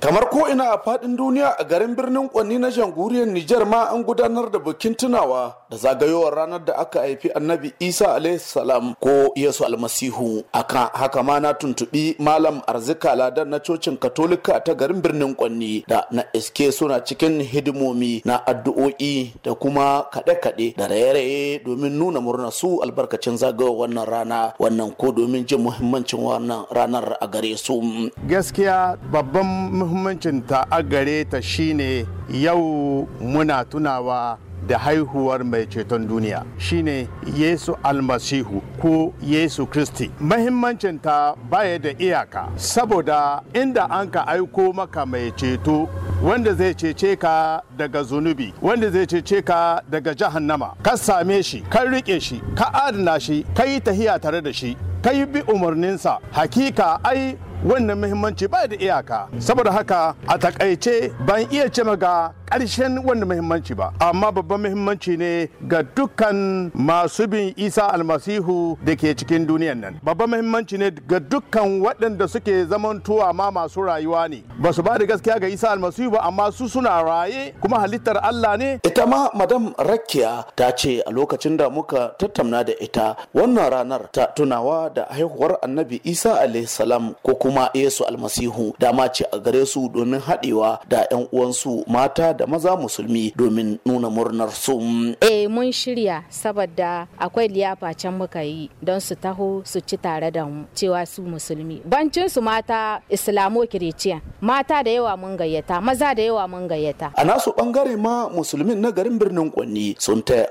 kamar ko ina a fadin duniya a garin birnin kwanni na jamhuriyar nijar ma an gudanar da bikin tunawa da zagayowar ranar da aka haifi annabi isa salam ko yesu almasihu akan haka ma na tuntubi malam arzika ladar na cocin katolika ta garin birnin kwanni da na iske suna cikin hidimomi na addu'o'i da kuma kade-kade da raye-raye domin nuna murna su albarkacin zagayowar wannan rana wannan ko domin jin muhimmancin wannan ranar a gare su gaskiya babban muhimmancin a gare ta shine yau muna tunawa da haihuwar mai ceton duniya shine Yesu almasihu ko Yesu Kristi. Mahimmancinta baya da iyaka saboda inda an ka aiko maka mai ceto wanda zai cece ka daga zunubi wanda zai cece ka daga jahannama ka same shi ka riƙe shi ka adana shi ka yi tahiya tare da shi ka yi bi umarninsa hakika ai wannan muhimmanci ba da iyaka saboda haka a takaice ban iya ce ga ƙarshen wannan muhimmanci ba amma babban muhimmanci ne ga dukkan masu bin isa almasihu da ke cikin duniyan nan babban muhimmanci ne ga dukkan waɗanda suke zaman tuwa ma masu rayuwa ne ba su ba da gaskiya ga isa almasihu ba amma su suna raye kuma halittar allah ne ita ma madam rakkiya ta ce a lokacin da muka tattauna da ita wannan ranar ta tunawa da haihuwar annabi isa alaihi salam ko kuma Yesu almasihu dama ce a gare su domin haɗewa da 'yan uwansu mata da maza musulmi domin nuna murnar su. Eh mun shirya saboda akwai liyafa can muka yi don su taho su ci tare da mu cewa su musulmi. Bancin su mata Islamo Kiriciyan mata da yawa mun gayyata maza da yawa mun gayyata. A nasu bangare ma musulmin na garin birnin Kwanni sun taya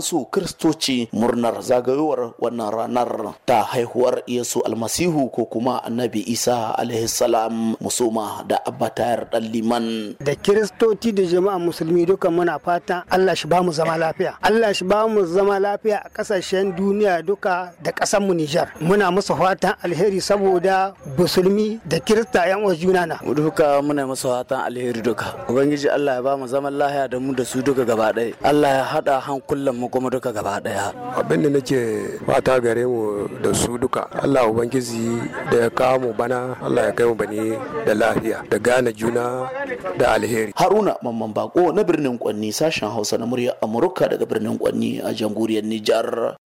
su Kiristoci murnar zagayowar wannan ranar ta haihuwar Yesu almasihu ko kuma annabi isa alaihi salam musoma da abba tayar liman da kiristoci da jama'a musulmi duka muna fata allah shi ba mu zama lafiya allah shi ba mu zama lafiya a kasashen duniya duka da kasan mu nijar muna musu fatan alheri saboda musulmi da kirista yan uwa juna na duka muna musu fatan alheri duka ubangiji allah ya ba mu zaman lafiya da mu da su duka gaba ɗaya allah ya haɗa hankulan mu kuma duka gaba ɗaya abin da nake fata gare mu da su duka allah ubangiji da ya kawo mu bana Allah ya kai mu bani da lafiya da gane juna da alheri Haruna Mamman Bako na birnin Kwanni sashen Hausa na muryar Amurka daga birnin Kwanni a jamhuriyar Nijar